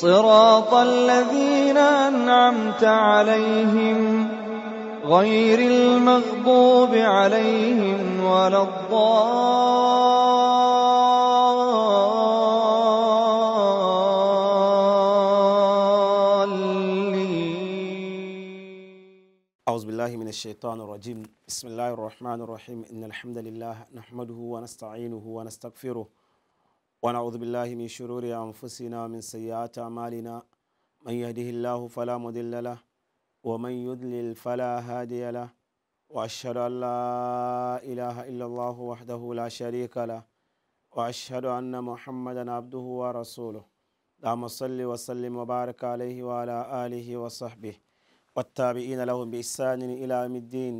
صراط الذين أنعمت عليهم غير المغضوب عليهم ولا الضالين أعوذ بالله من الشيطان الرجيم بسم الله الرحمن الرحيم إن الحمد لله نحمده ونستعينه ونستغفره ونعوذ بالله من شرور أنفسنا ومن سيئات أعمالنا من يهده الله فلا مضل له ومن يضلل فلا هادي له وأشهد أن لا إله إلا الله وحده لا شريك له وأشهد أن محمدا عبده ورسوله اللهم صل وسلم وبارك عليه وعلى آله وصحبه والتابعين لهم بإحسان إلى يوم الدين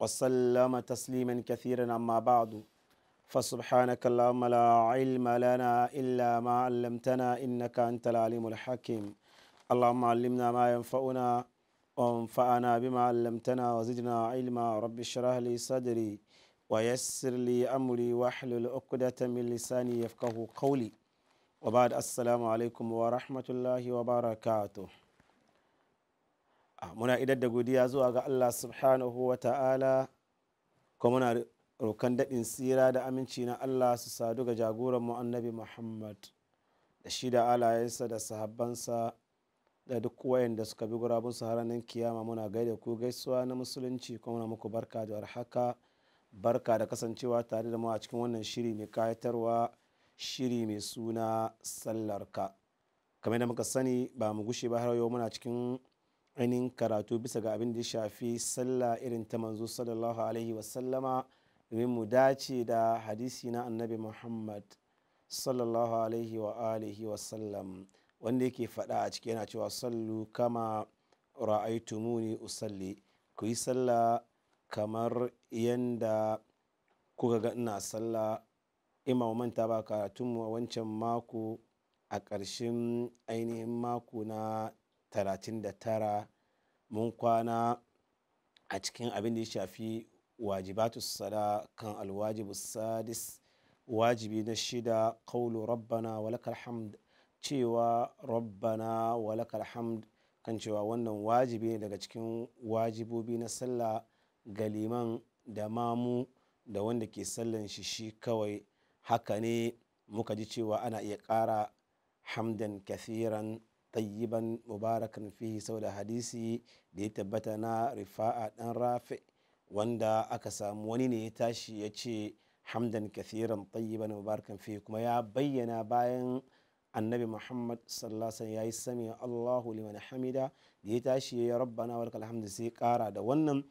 وسلم تسليما كثيرا أما بعد فسبحانك اللهم لا علم لنا إلا ما علمتنا إنك أنت العليم الحكيم اللهم علمنا ما ينفعنا وانفعنا بما علمتنا وزدنا علما رب اشرح لي صدري ويسر لي أمري واحلل عقدة من لساني يفقه قولي وبعد السلام عليكم ورحمة الله وبركاته muna idar da godiya zuwa ga Allah subhanahu wa ta'ala kuma muna rokan daɗin tsira da aminci na allah su sadu ga jagoran mu annabi muhammad da shi da alayensa da sahabbansa da duk wayanda suka bi gurabun su haranin kiyama muna gaida ku gaisuwa na musulunci kuma muna muku barka da warhaka barka da kasancewa tare da mu a cikin wannan shiri mai kayatarwa shiri mai suna sallar ka kamar da muka sani ba mu gushe ba har yau muna cikin ainihin karatu bisa ga abin da ya shafi sallah irin ta manzo sallallahu alaihi wa sallama domin mu dace da hadisi na annabi muhammad sallallahu alaihi wa alihi sallam wanda yake faɗa a ciki yana cewa sallu kama ra'aitumuni usalli ku yi sallah kamar yanda kuka ga ina sallah ima manta ba karatunmu a wancan mako a ƙarshen ainihin mako na 39 mun kwana a cikin abin da ya shafi wajibatu sada kan alwajibu sadis wajibi na shida qawlu rabbana walakal hamd cewa rabbana walakal hamd kan cewa wannan wajibi ne daga cikin wajibobi na sallah galiman da mamu da wanda ke sallan shi shi kawai haka ne muka ji cewa ana iya ƙara hamdan kathiran tayyiban mubarakan fihi saboda hadisi da ya tabbata na rifa'a dan rafi wanda aka samu wani ne ya tashi ya ce hamdan kathiran tayyiban mubarakan fi kuma ya bayyana bayan annabi muhammad sallallahu ya yi sami allahu liman hamida da ya tashi ya rabbana wa lakal hamdu sai kara da wannan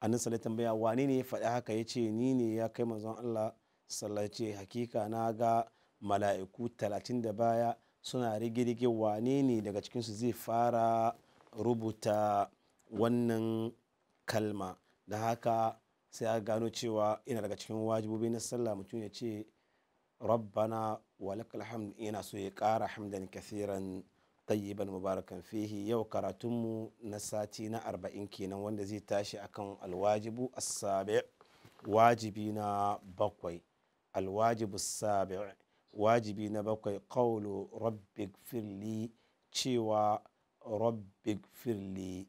annabi sallallahu tambaya wani ne ya faɗi haka ya ce ni ne ya kai manzon allah sallallahu ce hakika na ga mala'iku talatin da baya suna rigirgi wane ne daga cikinsu zai fara rubuta wannan kalma da haka sai a gano cewa ina daga cikin wajibobi na sallah mutum ya ce rabbana walakal hamd yana so ya ƙara hamdan kathiran tayyiban mubarakan fihi yau karatunmu na sati na arba'in kenan wanda zai tashi akan alwajibu asabi wajibi na bakwai alwajibu sabi wajibi na bakwai qawlu rabbi firli cewa firli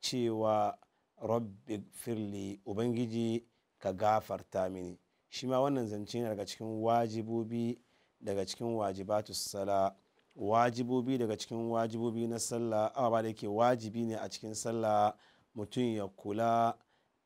cewa rabbi firli ubangiji ka gafarta mini shi ma wannan zance ne daga cikin wajibobi daga cikin wajibatu sala wajibobi daga cikin wajibobi na sallah ba da yake wajibi ne a cikin sallah mutum ya kula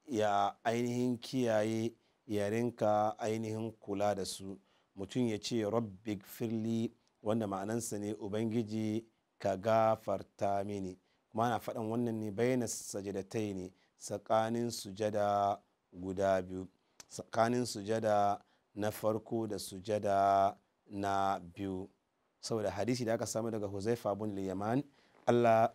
ya ainihin kiyaye ya rinka ainihin kula da su mutum ya ce rabbi firli wanda ma'anansa ne ubangiji ka gafarta mini ma na faɗan wannan ne bayyana sajadatai ne tsakanin sujada guda biyu tsakanin sujada na farko da sujada na biyu saboda hadisi da aka samu daga huzaifa bin liyaman allah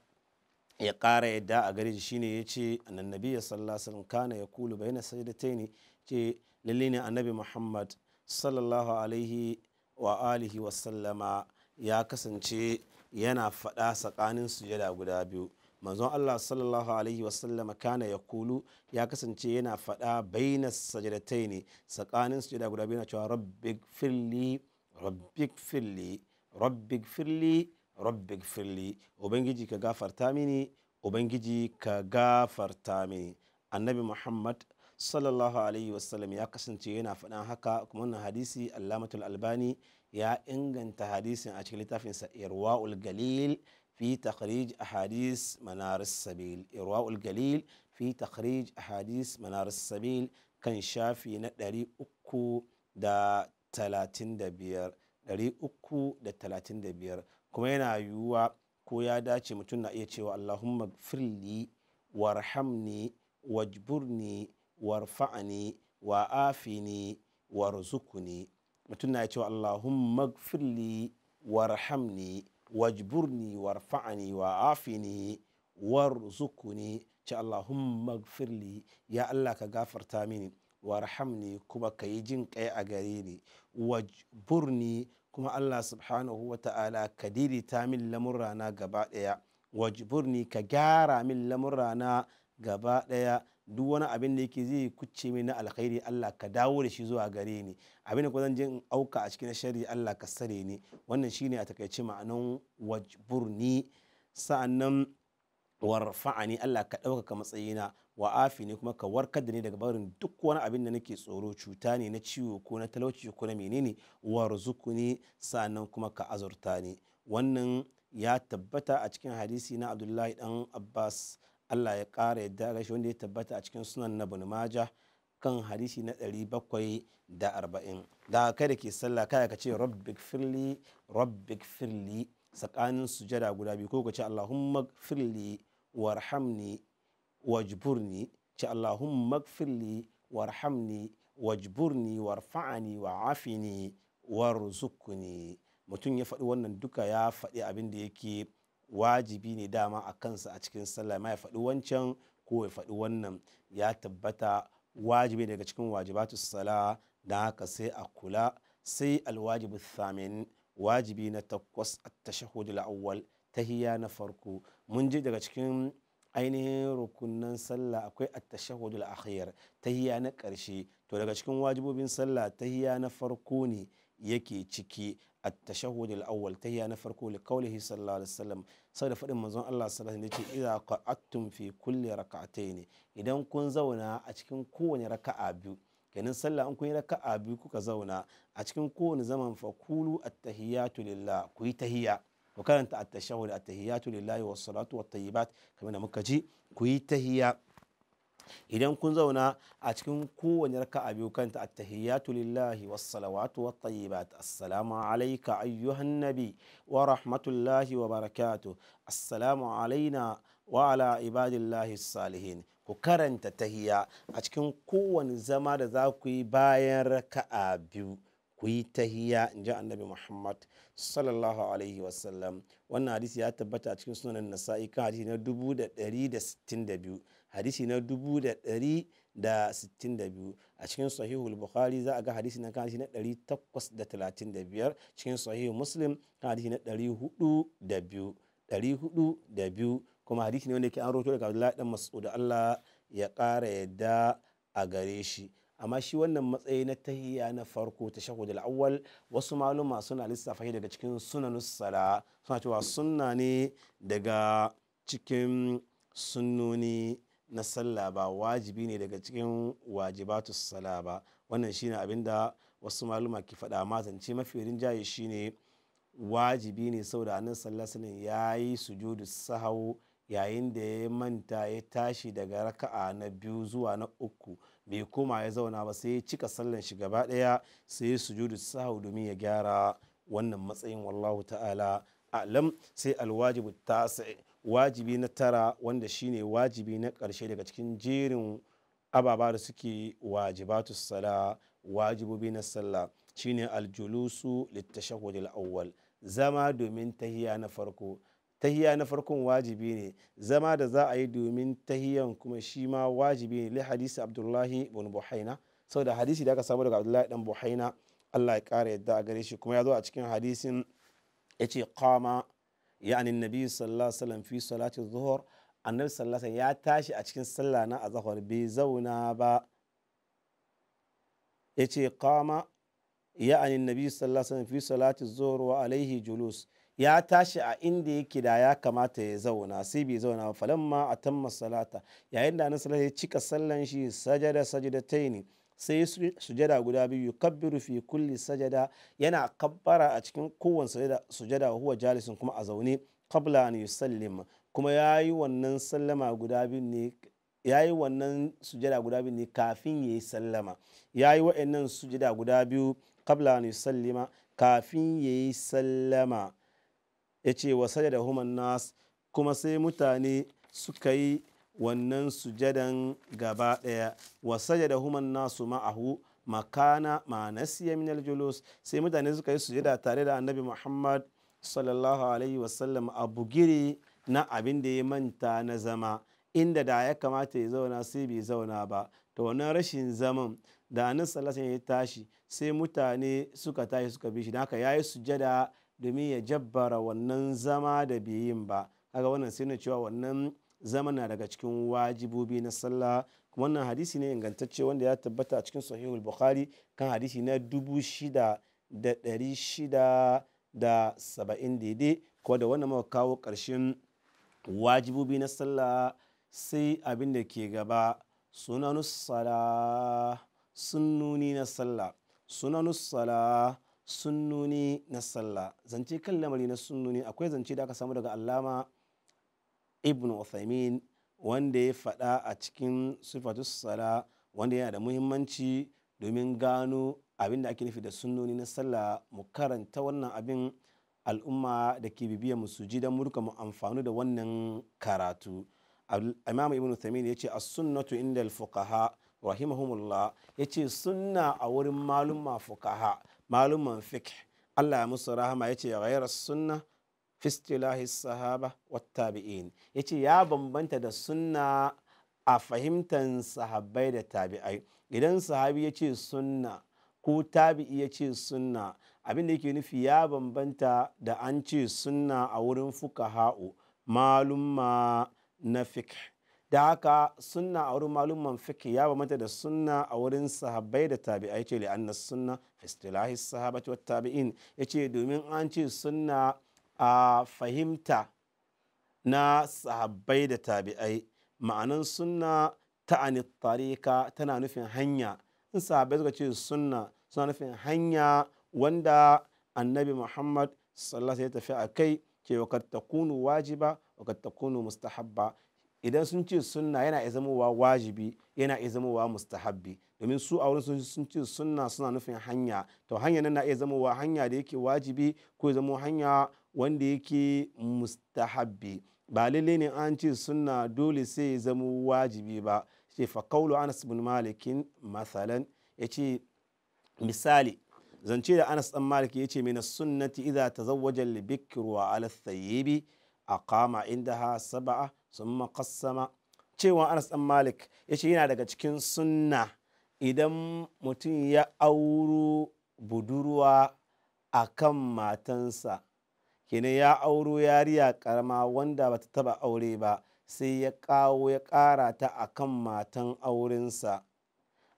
ya ƙara yadda a gare shi shine ya ce annabi ya sallasan kana ya kulu bayyana sajadatai ne ce lalle ne annabi muhammad sallallahu alaihi wa alihi wasallama ya kasance yana faɗa tsakanin sujada guda biyu manzon Allah sallallahu alaihi wasallam kana ya kulu ya kasance yana faɗa baina sajadatai ne tsakanin sujada guda biyu na cewa rabbik firli rabbik firli rabbik firli rabbik firli ubangiji ka gafarta mini ubangiji ka gafarta mini annabi muhammad sallallahu alaihi wasallam ya kasance yana faɗan haka kuma wannan hadisi allamatul albani ya inganta hadisin a cikin littafinsa irwaul galil fi takhrij ahadis manaris sabil irwaul galil fi takhrij ahadis manaris sabil kan shafi na 335 335 kuma yana yiwuwa ko ya dace mutum na iya cewa Allahumma firli warhamni wajburni warfa'ani afini warzukuni. mutum na cewa Allahumma magfirli warhamni wajburni warfa'ani wa afini warzuqni ce Allahumma magfirli ya Allah ka gafarta mini warhamni kuma ka yi jin kai a gare ni wajburni kuma Allah subhanahu wa ta'ala ka dirita min lamurana gaba ɗaya wajburni ka gyara min lamurana gaba ɗaya duk wani abin da yake zai kucce min na alkhairi Allah ka dawo da shi zuwa gare ni abin da kuma zan je in auka a cikin shari'a Allah ka sare ni wannan shine a takaice ma'anan wajburni sa'annan warfa'ani Allah ka ɗaukaka matsayina wa afi ne kuma ka warkar da ni daga barin duk wani abin da nake tsoro cuta ne na ciwo ko na talauci ko na menene warzuquni sa'annan kuma ka azurta ni wannan ya tabbata a cikin hadisi na Abdullahi dan Abbas Allah ya ƙara yadda gashi wanda ya tabbata a cikin sunan na Bunimaja kan hadisi na 740 da kai da ke sallah kai ka ce rabbik firli rabbik firli tsakanin sujada guda biyu ko ka ce allahumma firli warhamni wajburni ce allahumma firli warhamni wajburni warfa'ani afini warzuqni mutum ya faɗi wannan duka ya faɗi abin da yake wajibi ne dama a kansa a cikin sallah ma ya faɗi wancan ko ya faɗi wannan ya tabbata wajibi daga cikin wajibatu sala da haka sai a kula sai alwajibu thamin wajibi na takwas a tashahudul awwal tahiya na farko mun ji daga cikin ainihin rukunan sallah akwai a tashahudul akhir tahiya na ƙarshe to daga cikin wajibobin sallah tahiya na farko ne yake ciki a tashahud al-awwal التشهد farko li نفركو sallallahu alaihi wasallam sai da fadin manzon Allah sallallahu alaihi wasallam yace idza qa'attum fi kulli كل idan kun zauna a cikin kowane raka'a biyu kenan sallah in kun yi raka'a biyu kuka zauna a cikin kowane zaman fa kulu tahiyatu lillah ku yi tahiyya ku karanta at tashahud at-tahiyatu lillahi was salatu wat tayyibat kamar da muka ji ku yi tahiyya idan kun zauna a cikin kowane raka'a biyu kanta at-tahiyyatu lillahi was salawatu wat tayyibat assalamu alayka ayyuhan nabi wa rahmatullahi wa barakatuh assalamu alaina wa ala ibadillahi salihin ku karanta tahiyya a cikin kowane zama da za ku yi bayan raka'a biyu ku yi tahiyya in ji annabi muhammad sallallahu alaihi wasallam wannan hadisi ya tabbata a cikin sunan nasa'i kan hadisi na biyu. hadisi na 1162 a cikin sahihu bukhari za a ga hadisi na kan na 835 cikin sahihu muslim kan hadisi na 402 kuma hadisi ne wanda yake an roto daga Abdullahi dan Mas'ud Allah ya ƙara yadda a gare shi amma shi wannan matsayi na tahiya na farko ta da awwal wasu maluma suna lissafa daga cikin sunanus sala suna cewa sunna ne daga cikin sunnoni na sallah ba wajibi ne daga cikin wajibatu sallah ba wannan shine abin da wasu maluma ke faɗa mazance mafi rinjaye shine wajibi ne saboda hannun sallah alaihi ya yi sujudu sahau yayin da ya manta ya tashi daga raka'a na biyu zuwa na uku bai koma ya zauna ba sai ya cika sallan shi gaba daya sai ya sujudu sahau domin ya gyara wannan matsayin wallahu ta'ala a'lam sai alwajibu tasai wajibi na tara wanda shine wajibi na ƙarshe daga cikin jerin ababa da suke wajibatu sala wajibobi na sallah shine aljulusu littashahhud al-awwal zama domin tahiya na farko tahiya na farkon wajibi ne zama da za a yi domin tahiyan kuma shi ma wajibi ne li hadisi abdullahi ibn buhaina saboda hadisi da aka samu daga abdullahi dan buhaina Allah ya kara yadda a gare shi kuma ya zo a cikin hadisin yace qama yani nabi sallallahu alaihi wasallam fi salati zuhur annabi sallallahu ya tashi a cikin sallah na azhar bai zauna ba yace qama yani nabi sallallahu alaihi wasallam fi salati zuhur wa alaihi julus ya tashi a inda yake da ya kamata ya zauna sai bai zauna ba ma atamma salata yayin da annabi sallallahu alaihi ya cika sallan shi sajada sajidataini sai sujada guda biyu kabbiru fi kulli sajada yana kabbara a cikin kowane sujada huwa jalisin kuma a zaune qabla an yusallim kuma yayi wannan sallama guda biyu ne yayi wannan sujada guda biyu ne kafin yayi sallama yayi wa'annan sujada guda biyu qabla an yusallima kafin yayi sallama yace wa sajada human nas kuma sai mutane suka yi wannan sujadan gaba ɗaya wa sajada human nasu ma'ahu makana ma nasiya min julus sai mutane suka yi sujada tare da annabi muhammad sallallahu alaihi wasallam a bugiri na abin da ya manta na zama inda da ya kamata ya zauna sai bai zauna ba to wannan rashin zaman da annabi sallallahu alaihi ya tashi sai mutane suka tashi suka bi shi da haka yayi sujada domin ya jabbara wannan zama da bai yin ba kaga wannan sai cewa wannan zama na daga cikin wajibobi na sallah wannan hadisi ne ingantacce wanda ya tabbata a cikin sahihul bukhari kan hadisi na dubu shida da ɗari shida da saba'in daidai ko da wannan muka kawo ƙarshen wajibobi na sallah sai abin da ke gaba sunanus sala sunnuni na sallah sunnuni na sallah zance kan lamari na sunnuni akwai zance da aka samu daga allama ibn Uthaymin wanda ya faɗa a cikin sifatus sala wanda yana da muhimmanci domin gano abin da ake nufi da sunnoni na sallah mu karanta wannan abin al'umma da ke bibiyar musuji ji don murka mu amfanu da wannan karatu imam ibn Uthaymin ya ce as-sunnatu inda al-fuqaha rahimahumullah ya ce sunna a wurin malumma fuqaha malumman fiqh Allah ya musu rahama ya ce ghayra sunna fistilahi sahaba wattabi'in yace ya bambanta da sunna a fahimtar sahabai da tabi'ai idan sahabi ya ce sunna ko tabi'i ya ce sunna abin da yake nufi ya bambanta da an ce sunna a wurin fuka ha'u malumma na fik da haka sunna a wurin malumman fik ya bambanta da sunna a wurin sahabbai da tabi'ai ce li'anna sunna fi sahabati wat ya yace domin an ce sunna a fahimta na sahabbai da tabi'ai ma'anan sunna ta anittarika tana nufin hanya in sahabbai suka ce sunna suna nufin hanya wanda annabi muhammad sallallahu ya tafi a kai ke wakar takunu wajiba wakar takunu mustahabba idan sun ce sunna yana iya zamowa wajibi yana iya zamowa mustahabbi domin su a wurin sun ce sunna suna nufin hanya to hanya nan na iya zamowa hanya da yake wajibi ko ya zamo hanya wanda yake mustahabbi ba lalle ne an ce sunna dole sai ya zama wajibi ba ce fa kaulu anas bin malikin masalan ya ce misali zance da anas dan malik ya ce mina sunnati idza tazawwaja al-bikru wa ala thayyibi aqama indaha sab'a summa qassama cewa anas dan malik ya ce yana daga cikin sunna idan mutum ya auro budurwa a kan matansa kenan ya auro yariya karama wanda bata taba aure ba sai ya kawo ya kara ta akan matan aurensa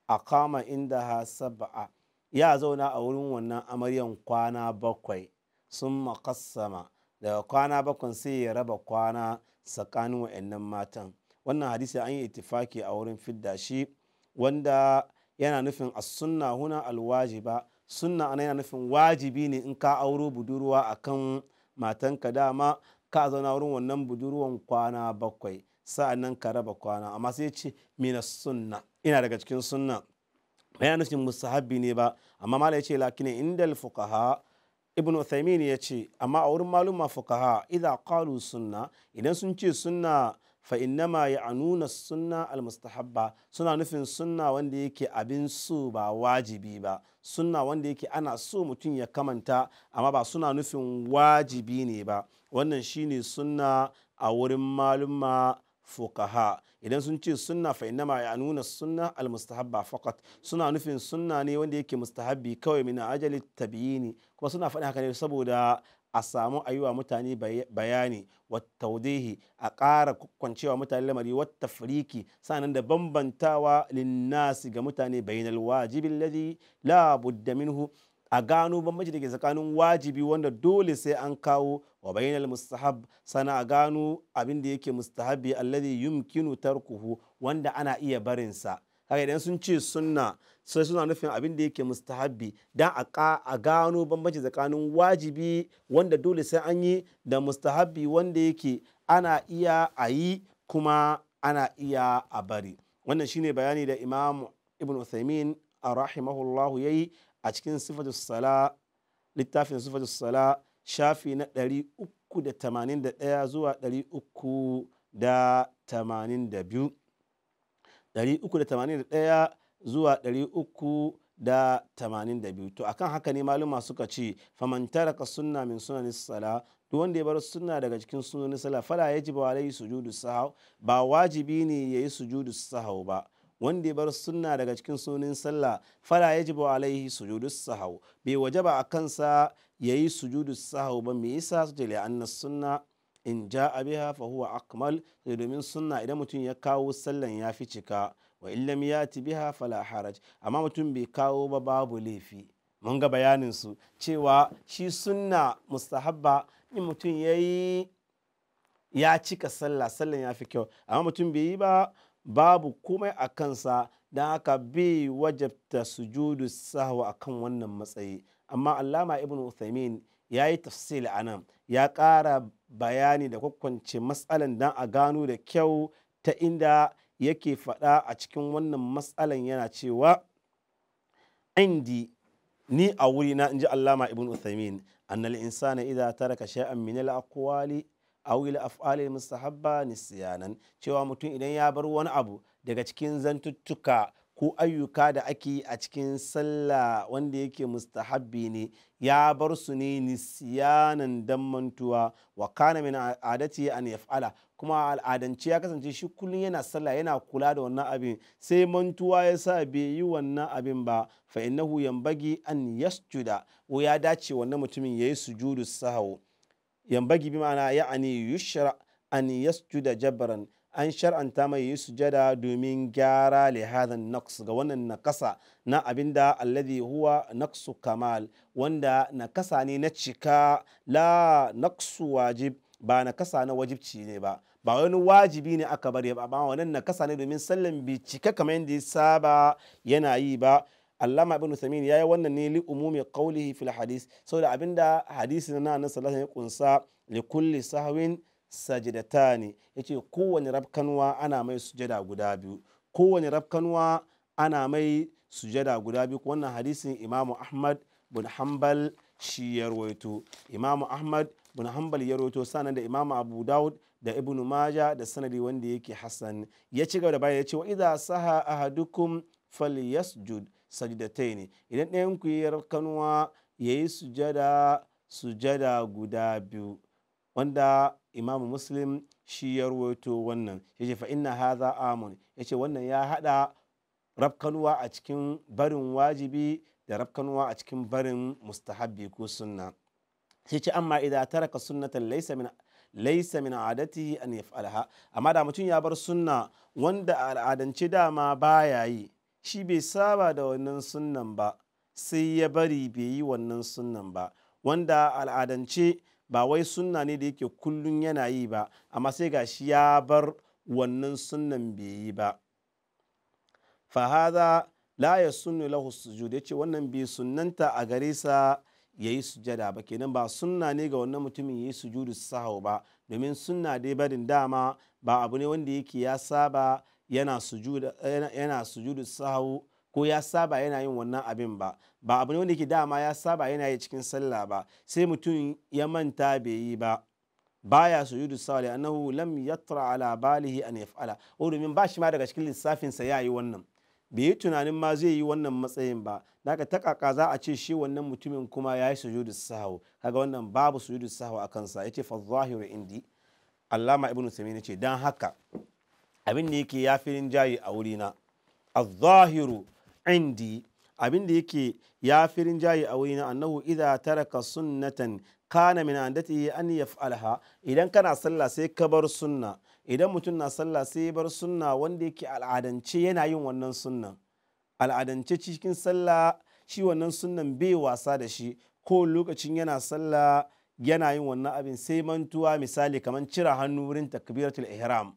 a kama inda ha saba'a ya zauna a wurin wannan amaryan kwana bakwai sun makasama daga kwana bakwai sai ya raba kwana tsakanin wa'annan matan wannan hadisi an yi itifaki a wurin fidda shi wanda yana nufin a sunna huna alwajiba sunna ana yana nufin wajibi ne in ka auro budurwa akan matanka dama ka zauna wurin wannan budurwan kwana bakwai sa'annan ka raba kwana amma sai ce mina sunna ina daga cikin sunna yana nufin musahabi ne ba amma mala yace lakin indal fuqaha ibnu uthaymin yace amma a wurin maluma fuqaha idza qalu sunna idan sun ce sunna fa innama ya anuna sunna almustahabba suna nufin sunna wanda yake abin so ba wajibi ba sunna wanda yake ana so mutum ya kamanta amma ba suna nufin wajibi ne ba wannan shine sunna a wurin malumma fukaha idan sun ce sunna fa innama ya nuna sunna almustahabba faqat suna nufin sunna ne wanda yake mustahabbi kawai min ajali tabiyini kuma suna faɗin haka ne saboda a samu a yi wa mutane bayani wattaudihi a ƙara kwancewa mutane lamari wata firiki sanan da bambantawa linnasi ga mutane bainal wajibi ladi la minhu a gano bambanci da ke tsakanin wajibi wanda dole sai an kawo wa bainal mustahab sana a gano abin da yake mustahabi alladhi yumkinu tarkuhu wanda ana iya barinsa kaga idan sun ce sunna sai suna nufin abin da yake mustahabbi dan a gano bambanci tsakanin wajibi wanda dole sai an yi da mustahabbi wanda yake ana iya a yi kuma ana iya a bari wannan shine bayani da imam ibn uthaymin a rahimahullahu yayi a cikin sifatu sala littafin sifatu sala shafi na 381 zuwa 382 zuwa 382 to akan haka ne maluma suka ce faman taraka sunna min sunan sala duk wanda ya bar suna daga cikin sunan sala fala yajibu alayhi sujudu sahau ba wajibi ne yayi sujudu sahau ba wanda ya bar sunna daga cikin sunan sallah fala yajibu alaihi sujudu sahau bai wajaba a kansa yayi sujudu sahau ba me yasa su ce annas sunna in ja'a biha fa huwa akmal domin sunna idan mutum ya kawo sallan ya fi cika wa illam yati biha fala haraj amma mutum bai kawo ba babu laifi mun ga bayanin su cewa shi sunna mustahabba in mutum yayi ya cika sallah sallan ya fi kyau amma mutum bai yi ba babu komai a kansa don haka bai wajabta sujudu sahwa akan wannan matsayi amma allama ibn uthaymin ya yi tafsil a nan ya ƙara bayani da kwakwance matsalan don a gano da kyau ta inda yake faɗa a cikin wannan matsalan yana cewa indi ni a wuri na inji allama ibn uthaymin annal insana idza taraka shay'an min al aqwali aw al af'ali mustahabba nisyanan cewa mutum idan ya bar wani abu daga cikin zantuttuka ko ayyuka da ake a cikin sallah wanda yake mustahabbi ne ya bar su ne nisiyanan dan mantuwa wa kana min adati an yaf'ala kuma al'adance ya kasance shi kullum yana sallah yana kula da wannan abin sai mantuwa ya sa bai yi wannan abin ba fa innahu yambagi an yasjuda wa ya dace wannan mutumin yayi sujudu sahawu yambagi bi ma'ana ya'ani yushra an yasjuda jabran an shar'anta mai yi sujada domin gyara lihadan naqs ga wannan nakasa na abinda alladhi huwa naqsu kamal wanda naqasa ne na cika la naqsu wajib ba nakasa na wajibci ne ba ba wani wajibi ne aka bari ba amma wannan nakasa ne domin sallan bi cika kamar yadda ya saba yana yi ba Allama Ibn ya yi wannan ne li umumi qawlihi fil hadis saboda abinda hadisi na Annabi sallallahu alaihi wasallam ya ƙunsa li sahwin sajidatani yace kowane rafkanuwa ana mai sujada guda biyu kowane rafkanuwa ana mai sujada guda biyu wannan hadisin imamu ahmad bin hanbal shi ya rawaito imamu ahmad bin hanbal ya rawaito sanan da imamu abu daud da ibnu maja da sanadi wanda yake hassan ya ci gaba da baya ya ce wa idza saha ahadukum falyasjud sajdataini idan ɗayan ku yi rafkanuwa yayi sujada sujada guda biyu wanda imam muslim shi ya ruwaito wannan ya ce fa inna haza amun ya ce wannan ya haɗa rafkanuwa a cikin barin wajibi da rafkanuwa a cikin barin mustahabbi ko sunna sai ce amma idan taraka sunnatan laysa min laisa min adatihi an yaf'alha amma da mutum ya bar sunna wanda al'adance dama baya yi shi bai saba da wannan sunnan ba sai ya bari bai yi wannan sunnan ba wanda al'adance ba wai sunna ne da yake kullun yana yi ba amma sai ga shi ya bar wannan sunnan bai yi ba fahaza la ya sunnu lahu sujud ce wannan bai sunnanta a gare sa ya yayi sujada ba kenan ba sunna ne ga wannan mutumin ya yayi sujudu sahau ba domin sunna dai barin dama ba abu ne wanda yake ya saba yana yana sujudu sahau ko ya saba yana yin wannan abin ba ba abu ne wanda yake dama ya saba yana yi cikin sallah ba sai mutum ya manta bai yi ba baya sujudu sawali annahu lam yatra ala balihi an yaf'ala o domin ba shi ma daga cikin lissafin sa yayi wannan bai yi tunanin ma zai yi wannan matsayin ba daga ta kaka za a ce shi wannan mutumin kuma ya yi sujudu sahu kaga wannan babu sujudu sahu a kansa yace fa zahiru indi allama ibnu taymiyyah ce dan haka abin da yake yafi rinjaye a wurina az-zahiru indi abin da yake ya fi rinjaye a wurina annahu idza taraka sunnatan kana min andati an yaf'alha idan kana sallah sai ka bar sunna idan mutum na sallah sai bar sunna wanda yake al'adance yana yin wannan sunnan al'adance cikin sallah shi wannan sunnan bai wasa da shi ko lokacin yana sallah yana yin wannan abin sai mantuwa misali kamar cira hannu wurin takbiratul ihram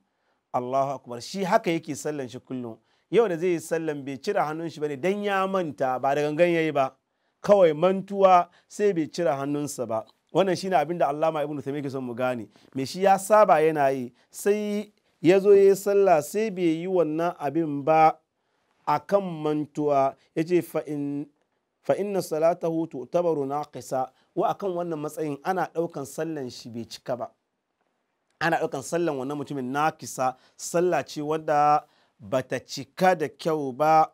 Allahu akbar shi haka yake sallan shi kullum yau da zai yi sallan bai cire hannun shi bane dan ya manta ba da gangan yayi ba kawai mantuwa sai bai cire hannunsa ba wannan shine abin da Allama Ibn Taymiyyah ke son mu gane me shi ya saba yana yi sai ya zo yayi sallah sai bai yi wannan abin ba akan mantuwa yace fa in fa inna salatahu tu'tabaru naqisa wa akan wannan matsayin ana daukan sallan shi bai cika ba ana daukan sallan wannan mutumin naqisa sallah ce wanda bata cika da kyau ba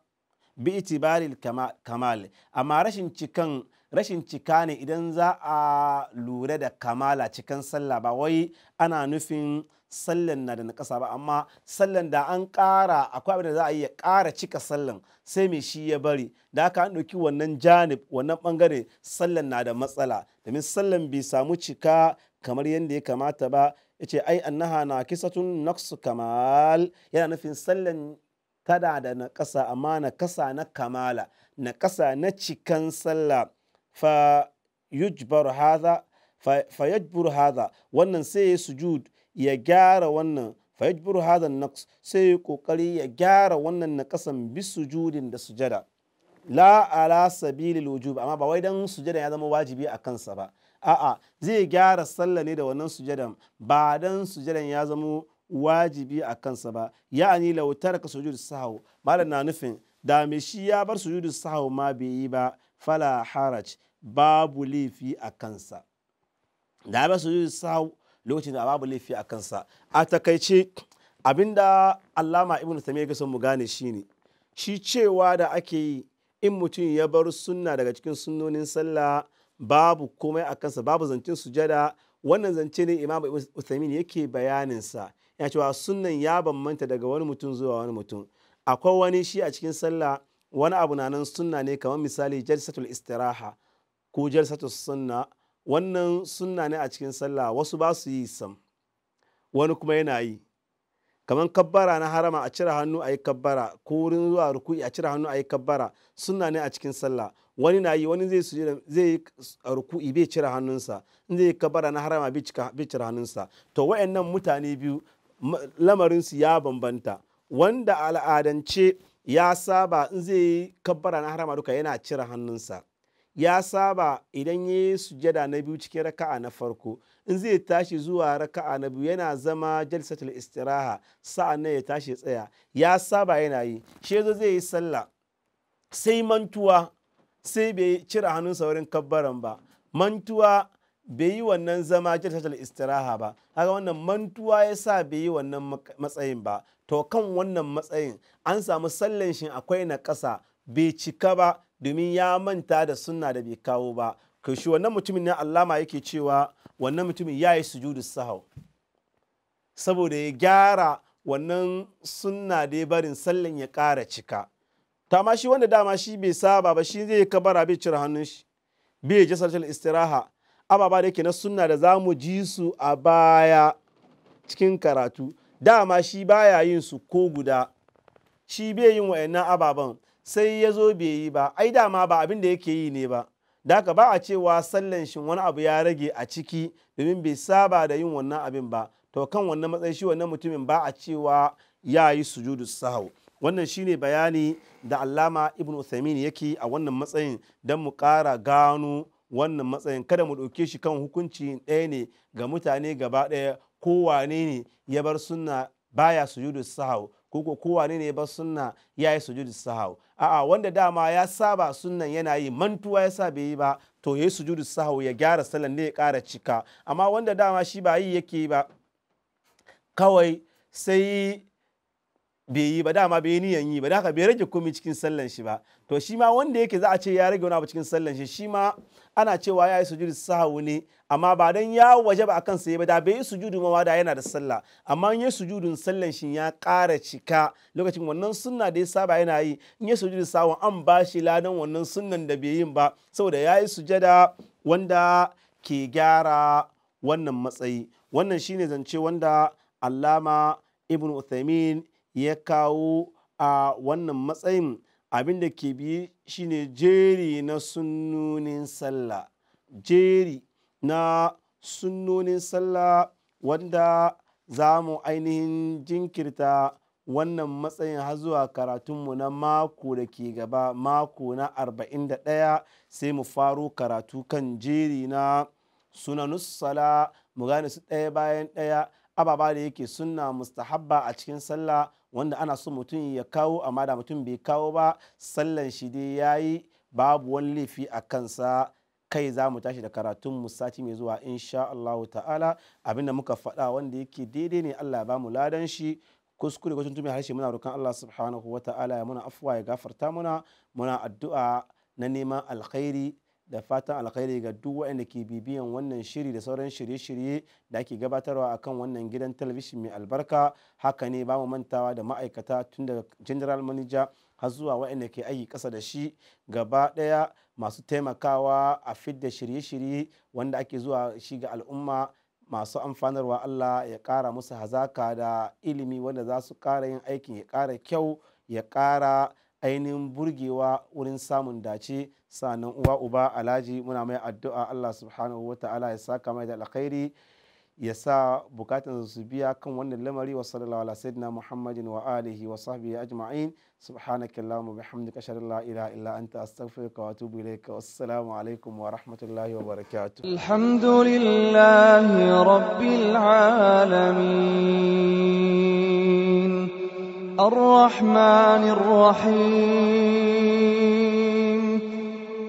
bi itibaril kamal amma rashin cikan rashin cika ne idan za a lura da kamala cikan sallah ba wai ana nufin sallan na da nakasa ba amma sallan da an ƙara akwai abin da za a yi ya ƙara cika sallan sai mai shi ya bari da haka an ɗauki wannan janib wannan bangare sallan na da matsala domin sallan bai samu cika kamar yadda ya kamata ba yace ai annaha nakisatun naqs kamal yana nufin sallan tada da naƙasa amma naƙasa na kamala naƙasa na cikan sallah fa yujbar hadha fa yajbur hadha wannan sai ya sujud ya gyara wannan fa yajbur hadha naqs sai ya kokari ya gyara wannan naƙasan bi sujudin da sujada la ala sabilil wujub amma ba wai dan sujada ya zama wajibi a kansa ba a'a zai gyara sallah ne da wannan sujadan ba dan sujadan ya zamo wajibi a kansa ba ya'ani law taraka sujudu malam na nufin da me shi ya bar sujudu sahu ma bai yi ba fala haraj babu laifi a kansa da ya bar sujudu lokacin da babu laifi a kansa a takaice abinda allama ibnu tamiya ga son mu gane shine shi cewa da ake yi in mutum ya bar sunna daga cikin sunnonin sallah babu komai a kansa babu zancen sujada wannan zance ne imam ibn yake bayaninsa ya cewa sunnan ya bambanta daga wani mutum zuwa wani mutum akwai wani shi a cikin sallah wani abu na nan sunna ne kamar misali jalsatul istiraha ko jalsatul sunna wannan sunna ne a cikin sallah wasu ba su yi sam wani kuma yana yi kamar kabbara na harama a cire hannu a yi kabbara ko wurin zuwa ruku'i a cire hannu a yi kabbara sunna ne a cikin sallah wani na yi wani zai yi zai yi ruku'i bai cire hannunsa in zai kabara na harama bai cire hannunsa to wayannan mutane biyu lamarin su ya bambanta wanda al'adance ya saba in zai yi kabara na harama duka yana cire hannunsa ya saba idan ya yi sujada na biyu cikin raka'a na farko in zai tashi zuwa raka'a na biyu yana zama jalsatul istiraha sa'an nan ya tashi tsaya ya saba yana yi shi zai yi sallah sai mantuwa sai bai cire hannunsa wurin kabbaran ba mantuwa bai yi wannan zama jirtatal istiraha ba haka wannan mantuwa ya sa bai yi wannan matsayin ba to kan wannan matsayin an samu sallan shi akwai na ƙasa bai cika ba domin ya manta da sunna da bai kawo ba kai shi wannan mutumin ne allama yake cewa wannan mutumin ya yi sujudu sahau saboda ya gyara wannan sunna da ya barin sallan ya ƙara cika ta ma shi wanda dama shi bai saba ba shi zai kabara bai cire hannun shi bai ji sarjal istiraha ababa da yake na sunna da zamu ji su a baya cikin karatu dama shi baya yin su ko guda shi bai yin wa'annan ababan sai ya zo bai yi ba ai dama ba abin da yake yi ne ba da haka ba a cewa sallan shin wani abu ya rage a ciki domin bai saba da yin wannan abin ba to kan wannan matsayi shi wannan mutumin ba a cewa ya yi sujudu sahau wannan shine bayani da alama ibn uthamin yake a wannan matsayin don mu kara gano wannan matsayin kada mu ɗauke shi kan hukunci ɗaya ne ga mutane gaba ɗaya kowane ne ya bar sunna baya sujudu sahau ko kowane ne ya bar suna ya yi sujudu sahau a'a wanda dama ya saba sunnan yana yi mantuwa ya sa bai yi ba to ya yi sujudu sahau ya gyara sallan ne ya ƙara cika amma wanda dama shi ba yi yake ba kawai sai bai yi ba dama bai niyan yi ba da haka bai rage komai cikin sallan shi ba to shi ma wanda yake za a ce ya rage wani abu cikin sallan shi shi ma ana cewa ya yi sujudu sahu ne amma ba dan ya waje ba akan sai ba da bai yi sujudu ma da yana da sallah amma in ya sujudun sallan shi ya kara cika lokacin wannan sunna da ya saba yana yi in ya sujudu sahu an ba shi ladan wannan sunnan da bai yin ba saboda ya yi sujada wanda ke gyara wannan matsayi wannan shine zance wanda allama ibn uthaymin ya kawo a wannan matsayin abin da ke biye shine jeri na sunnonin sallah jeri na sunnonin sallah wanda za mu ainihin jinkirta wannan matsayin har zuwa karatunmu na mako da ke gaba mako na 41 sai mu faro karatu kan jeri na sunanus sala mu gane su ɗaya bayan ɗaya ababa da yake sunna mustahabba a cikin sallah wanda ana so mutum ya kawo amma da mutum bai kawo ba sallan shi dai yayi babu wani laifi a kansa kai za mu tashi da karatun mu sati mai zuwa insha Allah ta'ala abinda muka faɗa wanda yake daidai ne Allah ya bamu ladan shi kuskure kwacin tumi harshe muna roƙon Allah subhanahu wa ta'ala ya muna afuwa ya gafarta muna muna addu'a na neman alkhairi da fatan alkhairi ga duk waɗanda ke bibiyan wannan shiri da sauran shirye-shirye da ake gabatarwa a kan wannan gidan talabishin mai albarka haka ne ba mu mantawa da ma'aikata tun daga general manager har zuwa waɗanda ke aiki ƙasa da shi gaba ɗaya masu taimakawa a fidda shirye-shirye wanda ake zuwa shi ga al'umma masu amfanarwa Allah ya ƙara musu hazaka da ilimi wanda za su ƙara yin aikin ya ƙara kyau ya ƙara ainihin burgewa wurin samun dace sanan uwa uba alaji muna mai addu'a Allah subhanahu wataala ya saka mai da alkhairi ya sa bukatun su biya kan wannan lamari wa sallallahu ala sayyidina muhammadin wa alihi wa sahbihi ajma'in subhanaka allahumma bihamdika ashhadu an la ilaha illa anta astaghfiruka wa atubu ilayka wassalamu alaykum wa rahmatullahi wa barakatuh alhamdulillahi rabbil alamin الرحمن الرحيم